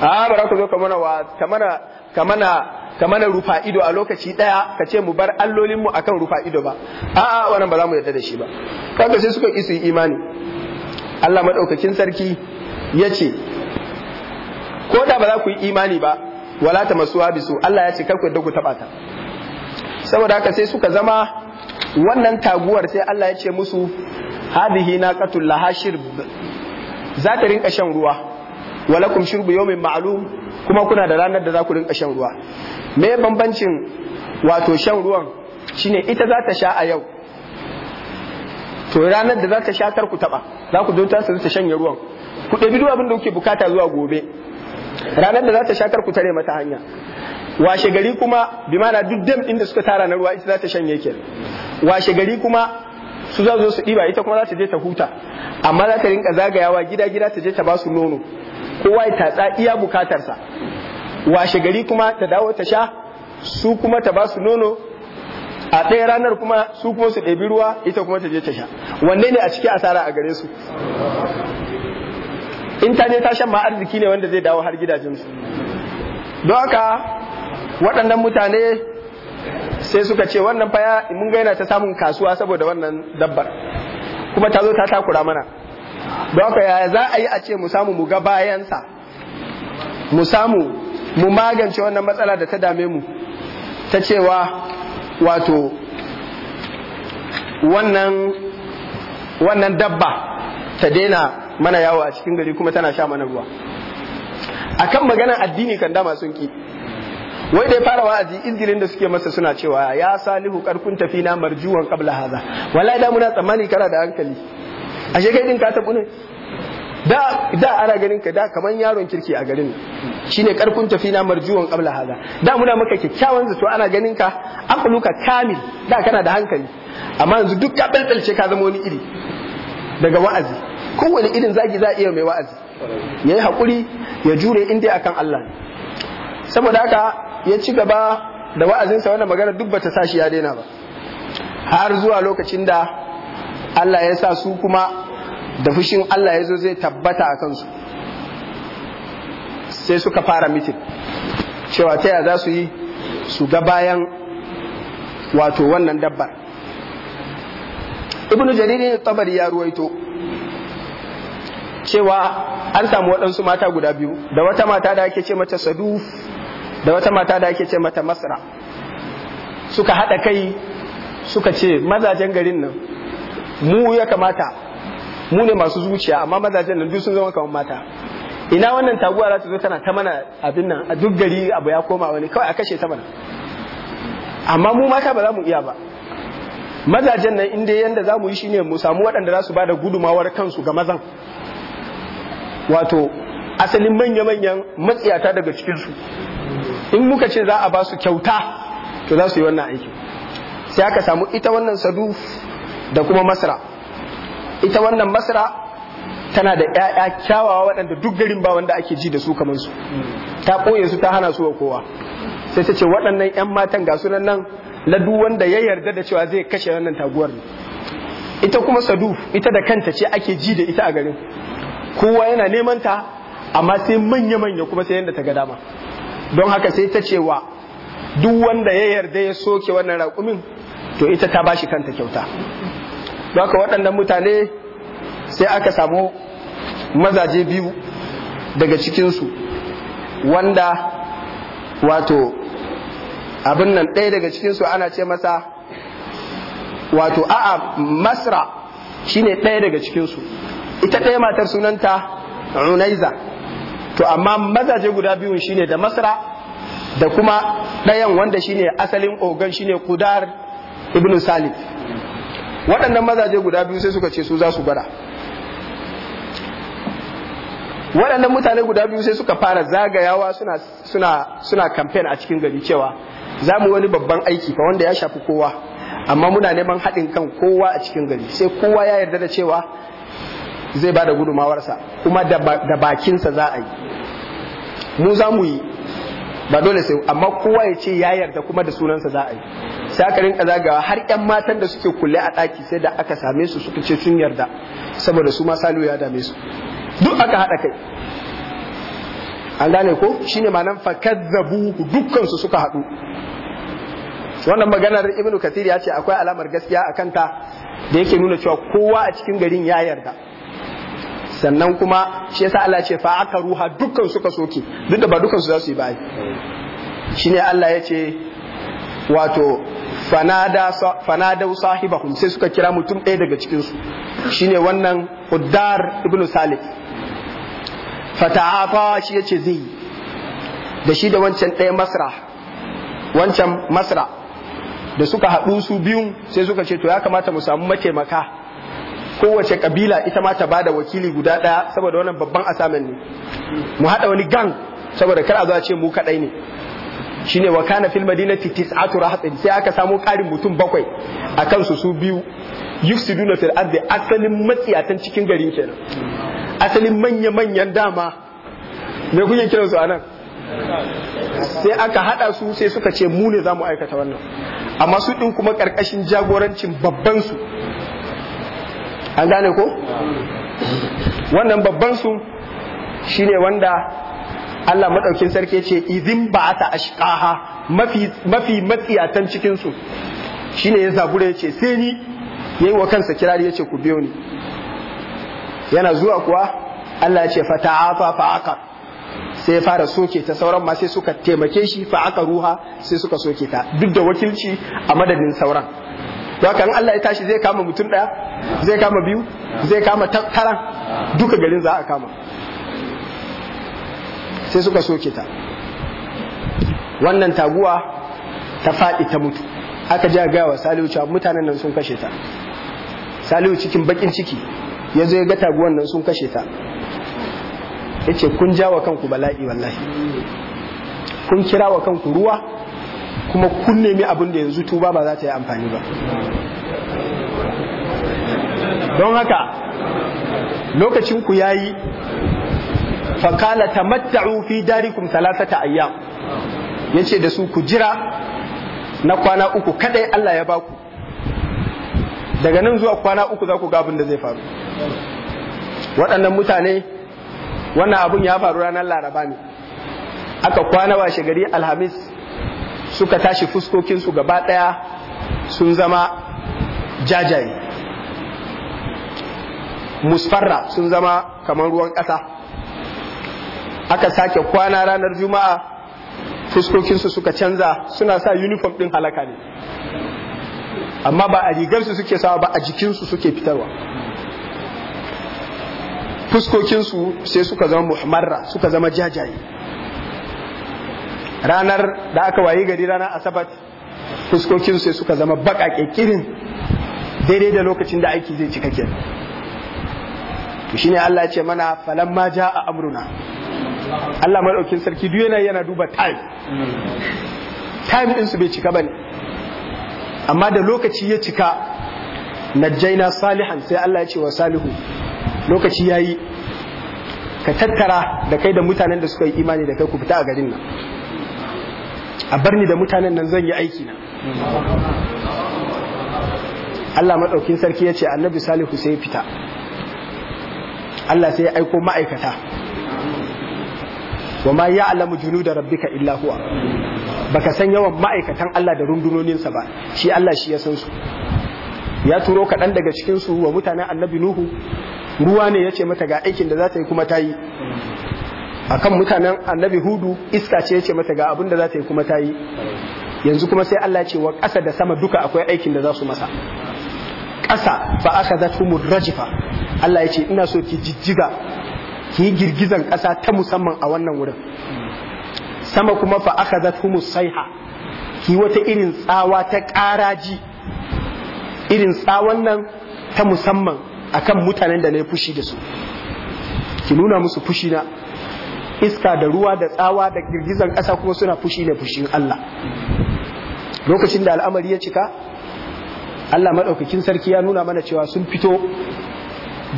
a bara ku zo ka mana wa kamana kamana kamana rufa ido a lokaci daya ka ce mu bar allolinmu akan rufa ido ba a a wannan ba za mu yarda da shi ba kaga sai suka isu imani Allah madaukakin sarki ya ce, ko da ba za ku yi imani ba wala ta masuwa bisu Allah ya ce kar ku yarda ku taba ta saboda haka sai suka zama wannan taguwar sai Allah ya ce musu hadhihi naqatul laha shirb za ta rinka shan ruwa walakum shirbu yawmin ma'lum kuma kuna da ranar da za ku rinka shan ruwa me bambancin wato shan ruwan shine ita za ta sha a yau to ranar da za ta sha kar ku taba za ku ta su ta shanye ruwan ku ɗabi duk abin da kuke bukata zuwa gobe ranar da za ta sha kar ku tare mata hanya washe gari kuma bi mana duk dam inda da suka tara na ruwa ita za ta shanye ke washe gari kuma su za su su ɗiba ita kuma za ta je ta huta amma za ta rinka zagayawa gida gida ta je ta ba su nono kowa ya tatsa iya bukatarsa washe gari kuma ta dawo ta sha su kuma ta ba su nono a ɗaya ranar kuma su kuma su ɗebi ruwa ita kuma ta je ta sha wanne ne a ciki asara a gare su in ta je ta shan ma arziki ne wanda zai dawo har gidajensu don haka waɗannan mutane sai suka ce wannan faya mun ga yana ta samun kasuwa saboda wannan dabbar kuma ta zo ta takura mana don haka yaya za a yi a ce mu samu mu ga bayansa mu samu mu magance wannan matsala da ta dame mu ta cewa wato wannan wannan dabba ta daina mana yawo a cikin gari kuma tana sha mana ruwa akan maganar addini kan dama sun ki wai da ya fara wa'azi injilin da suke masa suna cewa ya salihu karkun tafi na marjuwan kabla haza wallahi da muna tsammani kara da hankali ashe kai din ka tabu ne da da ana ganin ka da kaman yaron kirki a garin shine karkun tafi na marjuwan kabla haza da muna maka kyakkyawan zato ana ganin ka ka kamil da kana da hankali amma yanzu duk ka balbalce ka zama wani iri daga wa'azi kowane irin zagi za iya mai wa'azi Ya yi hakuri ya jure inda akan Allah saboda haka ya ci gaba da wa'azinsa wannan magana duk bata sa shi ya daina ba har zuwa lokacin da Allah ya sa su kuma da fushin Allah ya zo zai tabbata a kansu sai suka fara mitin cewa ta yaya za su yi su ga bayan wato wannan dabbar ibnu jaririn tabari ya ruwaito cewa an samu waɗansu mata guda biyu da wata mata da ake ce mata saduf da wata mata da ake ce mata masra suka haɗa kai suka ce mazajen garin nan mu ya kamata mu ne masu zuciya amma mazajen nan duk sun zama kamar mata ina wannan taguwa za ta zo tana ta mana abin nan a duk gari abu ya koma wani kawai a kashe ta mana amma mu mata ba za mu iya ba mazajen nan inda yanda za mu yi shine mu samu waɗanda za su ba da gudumawar kansu ga mazan wato asalin manya-manyan matsiyata daga cikinsu in muka ce za a ba su kyauta to za su yi wannan aiki sai aka samu ita wannan sadu da kuma masara. ita wannan masara tana da ‘ya'ya kyawawa waɗanda duk garin ba wanda ake ji da su kamar su ta ɓoye su ta hana su wa kowa sai ta ce waɗannan ƴan matan ga sunan nan ladu wanda ya yarda da cewa zai kashe wannan taguwar ne ita kuma sadu ita da kanta ce ake ji da ita a garin kowa yana neman ta amma sai manya-manya kuma sai yadda ta ga dama don haka sai ta cewa duk wanda ya yarda ya soke wannan raƙumin to ita ta bashi kanta kyauta don haka waɗannan mutane sai aka samu mazaje biyu daga cikinsu wanda wato abin nan ɗaya daga cikinsu ana ce masa wato a'a masra shine ɗaya daga cikinsu ita ɗaya matar sunanta unaiza to amma mazaje guda biyun shine da masra da kuma ɗayan wanda shine asalin ogan shine kudar ibn salif waɗannan mazaje guda biyu sai suka ce su za su bara waɗannan mutane guda biyu sai suka fara zagayawa suna kamfen a cikin gari cewa za mu wani babban aiki fa wanda ya shafi kowa amma muna neman haɗin kan kowa a cikin gari sai kowa ya yarda da cewa zai ba da gudumawarsa kuma da bakinsa za a yi mu za mu yi ba dole sai amma kowa ya ce ya yarda kuma da sunansa za a yi sai aka rinka zagawa har yan matan da suke kulle a ɗaki sai da aka same su suka ce sun yarda saboda su ma salo ya dame su duk aka haɗa kai an gane ko shine malam fakazzabu dukkan su suka haɗu wannan maganar ibnu kathir ya ce akwai alamar gaskiya a kanta da yake nuna cewa kowa a cikin garin ya yarda sannan kuma shi yasa Allah ce fa aka ruha dukkan suka soke duk da ba dukkan su za su yi Shi shine Allah ya ce wato fanadau sahibahum sai suka kira mutum ɗaya daga cikin su shine wannan Uddar ibn Salih fata'afa shi yace zai da shi da wancan ɗaya Masra wancan Masra da suka haɗu su biyun sai suka ce to ya kamata mu samu mataimaka kowace kabila ita ma ta bada wakili guda daya saboda wannan babban asamen ne mu hada wani gang saboda kar a zo a ce mu kadai ne shine wa kana fil madinati tis'atu rahatin sai aka samu karin mutum bakwai a kansu su biyu yufsiduna fil ardi asalin matsiyatan cikin gari kenan asalin manya manyan dama me kuke kiran su anan sai aka hada su sai suka ce mu ne zamu aikata wannan amma su din kuma karkashin jagorancin babban su an gane ko wannan babban su shine wanda Allah maɗaukin sarki ce idin ba ta ashqaha mafi mafi matsiyatan cikin su shine ya zabura yace sai ni yayi wa kansa kirari yace ku biyo ni yana zuwa kuwa Allah ya ce fa fa'aka sai ya fara soke ta sauran ma sai suka taimake shi fa'aka ruha sai suka soke ta duk da wakilci a madadin sauran haka in Allah ya tashi zai kama mutum ɗaya, zai kama biyu zai kama taran duka garin za a kama sai suka soke ta wannan taguwa ta faɗi ta mutu aka ji a wa salihu cewa mutanen nan sun kashe ta salihu cikin bakin ciki ya zo ya ga taguwan nan sun kashe ta ya ce kun ja wa kanku bala'i wallahi kun kira wa kanku ruwa kuma kun nemi abin da yanzu tuba ba za ta yi amfani ba don haka lokacin ku yayi fakala tamatta'u fi darikum thalathata ayyam yace da su ku jira na kwana uku kadai Allah ya baku daga nan zuwa kwana uku za ku ga abin da zai faru waɗannan mutane wannan abun ya faru ranar laraba ne aka kwana washe gari alhamis suka tashi fuskokinsu gaba ɗaya sun zama jajaye musfarra sun zama kamar ruwan ƙasa aka sake kwana ranar juma'a fuskokinsu suka canza suna sa uniform ɗin halaka ne amma ba a rigarsu suke sawa ba a jikinsu suke fitarwa fuskokinsu sai suka zama muhammarra suka zama jajaye ranar da aka wayi gari ranar asabar fuskokin sai suka zama baka kirin daidai da lokacin da aiki zai cika kenan to ne Allah ce mana falamma a amruna Allah maɗaukin sarki duk yana yana duba time time din su bai cika ba ne. amma da lokaci ya cika na najjaina salihan sai Allah ya ce wa salihu lokaci ya yi, ka tattara da kai da mutanen da suka yi imani da kai ku fita a garin nan a bar ni da mutanen nan zan yi aiki na Allah maɗaukin sarki ya ce annabi salihu sai fita Allah sai ya aiko ma'aikata wa ma ya alamu junu da rabbika illa huwa baka san yawan ma'aikatan Allah da rundunoninsa ba shi Allah shi ya san su ya turo kaɗan daga cikinsu wa mutanen annabi nuhu ruwa ne ya ce mata ga aikin da za ta yi kuma ta yi akan mutanen annabi hudu iska ce yace mata ga abin da za ta yi kuma ta yi yanzu kuma sai Allah ce wa ƙasa da sama duka akwai aikin da za su masa ƙasa fa aka za rajifa Allah ya ce ina so ki jijjiga ki yi girgizan ƙasa ta musamman a wannan wurin sama kuma fa aka za saiha ki wata irin tsawa ta ƙaraji irin tsawon nan ta musamman akan mutanen da na yi fushi da su ki nuna musu fushi na iska da ruwa da tsawa da girgizan ƙasa kuma suna fushi ne fushin Allah lokacin da al'amari ya cika Allah maɗaukakin sarki ya nuna mana cewa sun fito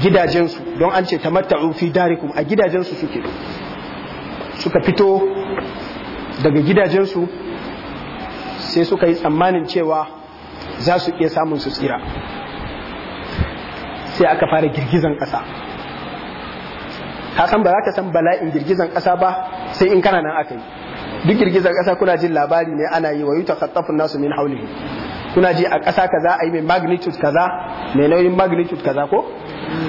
gidajensu don an ce tamatta'u fi darikum a gidajensu suke suka fito daga gidajensu sai suka yi tsammanin cewa za su iya samun su tsira sai aka fara girgizan ƙasa ka san ba za ka san bala'in girgizan kasa ba sai in kana nan aka yi duk girgizan kasa kuna jin labari ne ana yi wa yuta khattafun nasu min haulihi kuna ji a kasa kaza a yi mai magnitude kaza mai nauyin magnitude kaza ko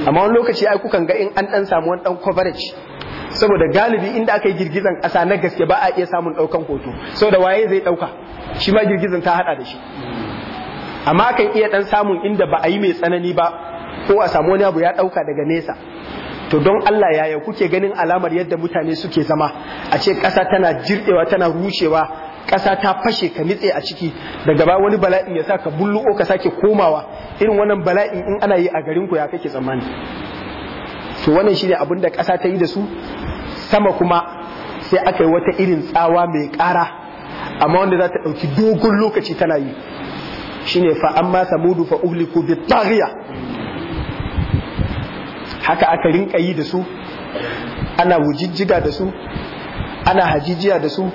amma wani lokaci ai kukan ga in an dan samu wani dan coverage saboda galibi inda aka yi girgizan ƙasa na gaske ba a iya samun ɗaukan hoto saboda waye zai ɗauka shi ma girgizan ta haɗa da shi amma kan iya ɗan samun inda ba a yi mai tsanani ba ko a samu wani abu ya ɗauka daga nesa to don Allah yaya kuke ganin alamar yadda mutane suke zama a ce ƙasa tana jirɗewa tana rushewa ƙasa ta fashe ka nitse a ciki daga ba wani bala'in ya sa ka bullu'o ka sake komawa irin wannan bala'in in ana yi a garin ku ya kake tsammani to wannan shine abin da ƙasa ta yi da su sama kuma sai aka yi wata irin tsawa mai ƙara amma wanda za ta ɗauki dogon lokaci tana yi shine fa amma samudu fa uhliku bi taghiya haka aka rinka yi da su ana wujijjiga da su ana hajijiya da su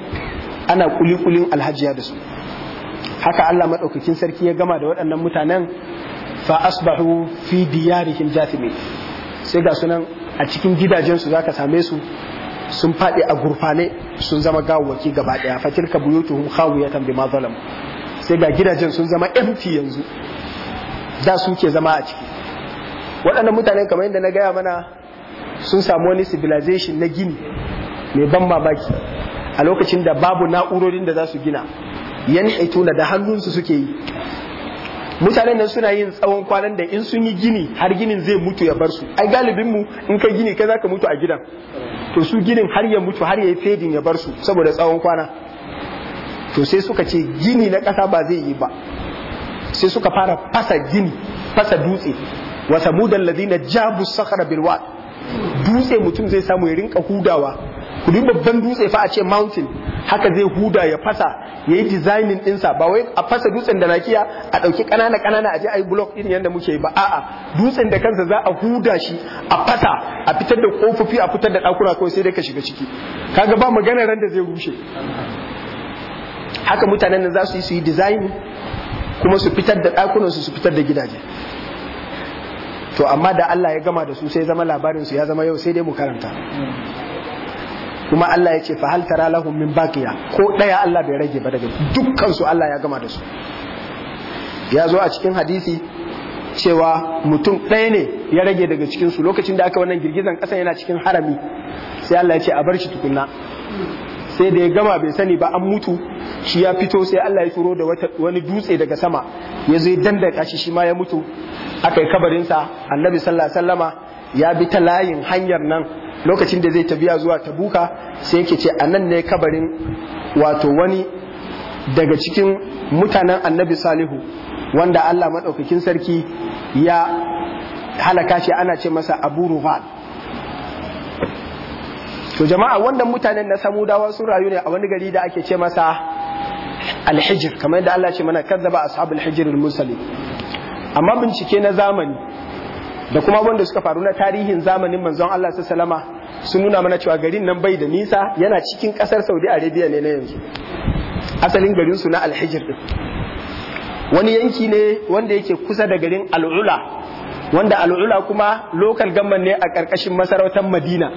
ana kulikulin alhajiya da su haka Allah maɗaukakin sarki ya gama da waɗannan mutanen fa asbahu fi diyarihim jathimin sai ga sunan a cikin gidajensu zaka same su sun faɗi a gurfane sun zama gawawaki gaba ɗaya fa tilka buyutuhum khawiyatan bima zalam sai ga gidajen sun zama empty yanzu da su ke zama a ciki waɗannan mutane kamar yadda na gaya mana sun samu wani civilization na gini mai ban mamaki a lokacin da babu na'urorin da za su gina yan tuna da hannunsu suke yi mutanen nan suna yin tsawon kwanan da in sun yi gini har ginin zai mutu ya bar su ai galibin mu in kai gini kai zaka mutu a gidan to su ginin har ya mutu har ya yi fedin ya bar su saboda tsawon kwana to sai suka ce gini na ƙasa ba zai yi ba sai suka fara fasa gini fasa dutse mu samud alladhina jabu sakhara bil dutse mutum zai samu ya rinka hudawa ku babban dutse fa a ce mountain haka zai huda ya fasa ya yi designing dinsa ba wai a fasa dutsen da nakiya a ɗauki ƙanana ƙanana a je a yi block ɗin yadda muke ba a'a dutsen da kansa za a huda shi a fasa a fitar da kofofi a fitar da ɗakuna kawai sai dai ka shiga ciki kaga ba magana ran da zai rushe haka mutanen nan za su yi su yi design kuma su fitar da ɗakunansu su fitar da gidaje to amma da Allah ya gama da su sai zama labarin su ya zama yau sai dai mu karanta kuma Allah ya ce fa hal tara lahum min baqiya ko daya Allah bai rage ba daga dukkan su Allah ya gama da su ya zo a cikin hadisi cewa mutum ɗaya ne ya rage daga cikin su lokacin da aka wannan girgizan ƙasa yana cikin harami sai Allah ya ce a bar shi tukunna sai da ya gama bai sani ba an mutu shi ya fito sai Allah ya turo da wani dutse daga sama ya zai dandaka shi shi ma ya mutu aka yi kabarinsa annabi sallallahu ya bi ta layin hanyar nan lokacin da zai tafiya zuwa tabuka sai yake ce anan ne kabarin wato wani daga cikin mutanen annabi salihu wanda Allah maɗaukakin sarki ya halaka shi ana ce masa abu Ruhal. to jama'a wannan mutanen na samudawa sun rayu ne a wani gari da ake ce masa alhijir kamar yadda Allah ce mana kazzaba ashabul hijr al-mursali amma bincike na zamani da kuma wanda suka faru na tarihin zamanin manzon Allah sallama sun nuna mana cewa garin nan bai da nisa yana cikin kasar Saudi Arabia ne na yanzu asalin garin su na alhijir din wani yanki ne wanda yake kusa da garin al'ula wanda al'ula kuma local government ne a ƙarƙashin masarautar madina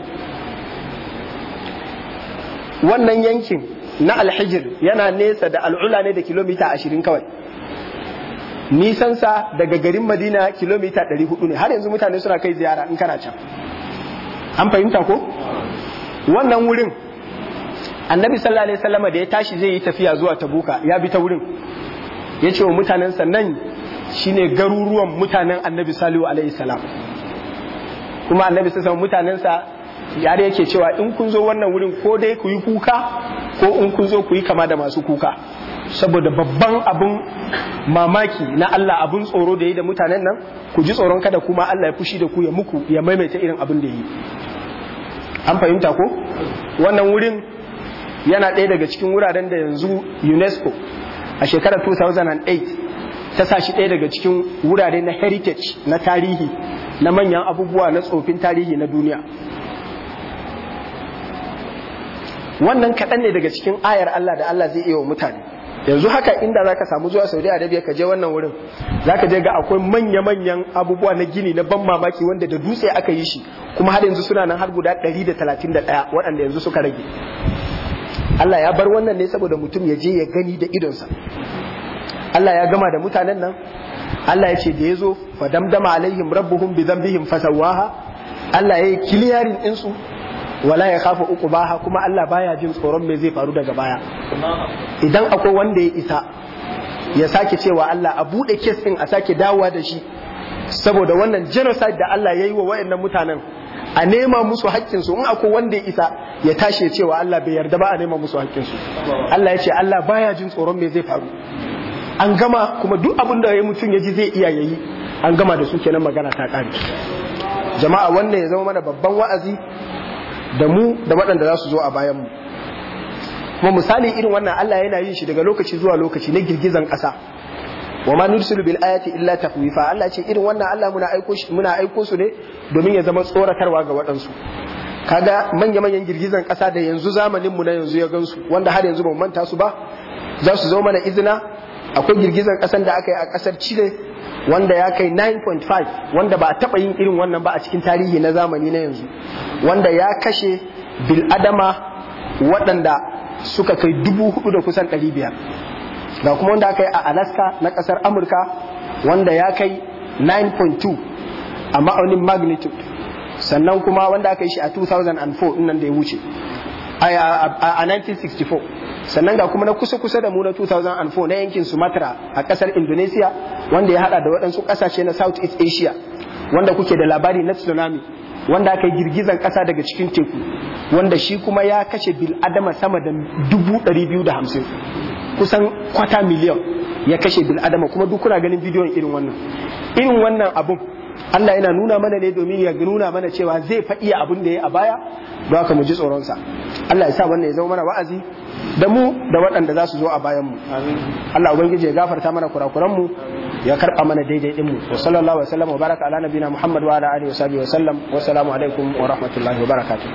wannan yankin na alhijir yana nesa da al'ula ne da kilomita ashirin kawai nisansa daga garin madina kilomita ɗari hudu ne har yanzu mutane suna kai ziyara in kana can an fahimta ko wannan wurin annabi sallallahu alaihi wasallama da ya tashi zai yi tafiya zuwa tabuka ya bi ta wurin ya ce wa sa nan shine garuruwan mutanen annabi salihu alaihi salam kuma annabi sallallahu alaihi mutanensa yare yake cewa in kun zo wannan wurin ko dai ku yi kuka ko in kun zo ku yi kama da masu kuka saboda babban abin mamaki na Allah abin tsoro da yi da mutanen nan ku ji tsoron kada kuma Allah ya fushi da ku ya muku ya maimaita irin abin da ya yi an fahimta ko wannan wurin yana ɗaya daga cikin wuraren da yanzu UNESCO a shekarar 2008 ta sa shi ɗaya daga cikin wurare na heritage na tarihi na manyan abubuwa na tsofin tarihi na duniya wannan kaɗan ne daga cikin ayar Allah da Allah zai iya wa mutane yanzu haka inda za ka samu zuwa Saudi Arabia ka je wannan wurin Za ka je ga akwai manya-manyan abubuwa na gini na ban mamaki wanda da dutse aka yi shi kuma har yanzu suna nan har guda 131 waɗanda yanzu suka rage Allah ya bar wannan ne saboda mutum ya je ya gani da idonsa Allah ya gama da mutanen nan Allah ya ce da ya zo fa damdama alaihim rabbuhum bi dhanbihim fasawaha Allah ya yi kiliyarin ɗinsu wala ya kafa uku baha kuma Allah baya jin tsoron me zai faru daga baya idan akwai wanda ya isa ya sake cewa Allah a bude kes ɗin a sake dawowa da shi saboda wannan genocide da Allah ya yi wa wayannan mutanen a nema musu su in akwai wanda ya isa ya tashi ya cewa Allah bai yarda ba a nema musu su. Allah ya ce Allah baya jin tsoron me zai faru an gama kuma duk abin da ya mutum ya ji zai iya yayi an gama da su kenan magana ta kare. jama'a wannan ya zama mana babban wa'azi da mu da waɗanda za su zo a bayan mu kuma misali irin wannan Allah yana yin shi daga lokaci zuwa lokaci na girgizan ƙasa wa ma nursilu bil ayati illa tahwifa Allah ce irin wannan Allah muna aiko shi muna aiko su ne domin ya zama tsoratarwa ga waɗansu kaga manya manyan girgizan ƙasa da yanzu zamanin mu na yanzu ya gansu wanda har yanzu ba mu manta su ba za su zo mana izina akwai girgizan ƙasan da aka yi a ƙasar Chile wanda ya kai 9.5 wanda ba a taba yin irin wannan ba a cikin tarihi na zamani na yanzu wanda ya kashe bil adama waɗanda suka kai dubu hudu da kusan ɗari biyar ga kuma wanda aka yi a alaska na ƙasar amurka wanda ya kai 9.2 a ma'aunin magnitude sannan kuma wanda aka yi shi a 2004 nan da ya wuce a 1964 sannan ga kuma na kusa-kusa da mu na 2004 na yankin Sumatra a kasar Indonesia wanda ya hada da waɗansu kasashe na South East Asia wanda kuke da labari na tsunami wanda aka yi girgizan kasa daga cikin teku wanda shi kuma ya kashe bil adama sama da dubu da hamsin kusan kwata miliyan ya kashe bil adama kuma duk kuna ganin bidiyon irin wannan irin wannan abun Allah yana nuna mana ne domin ya nuna mana cewa zai faɗi abin da ya yi a baya don haka mu ji tsoronsa Allah ya sa wannan ya zama mana wa'azi da mu da waɗanda za su zo a bayan mu Allah ubangiji ya gafarta mana kurakuran mu ya karba mana daidai din mu wa sallallahu alaihi wa sallam wa baraka ala nabina muhammad wa ala alihi wa sahbihi wa sallam wa assalamu alaikum wa rahmatullahi wa barakatuh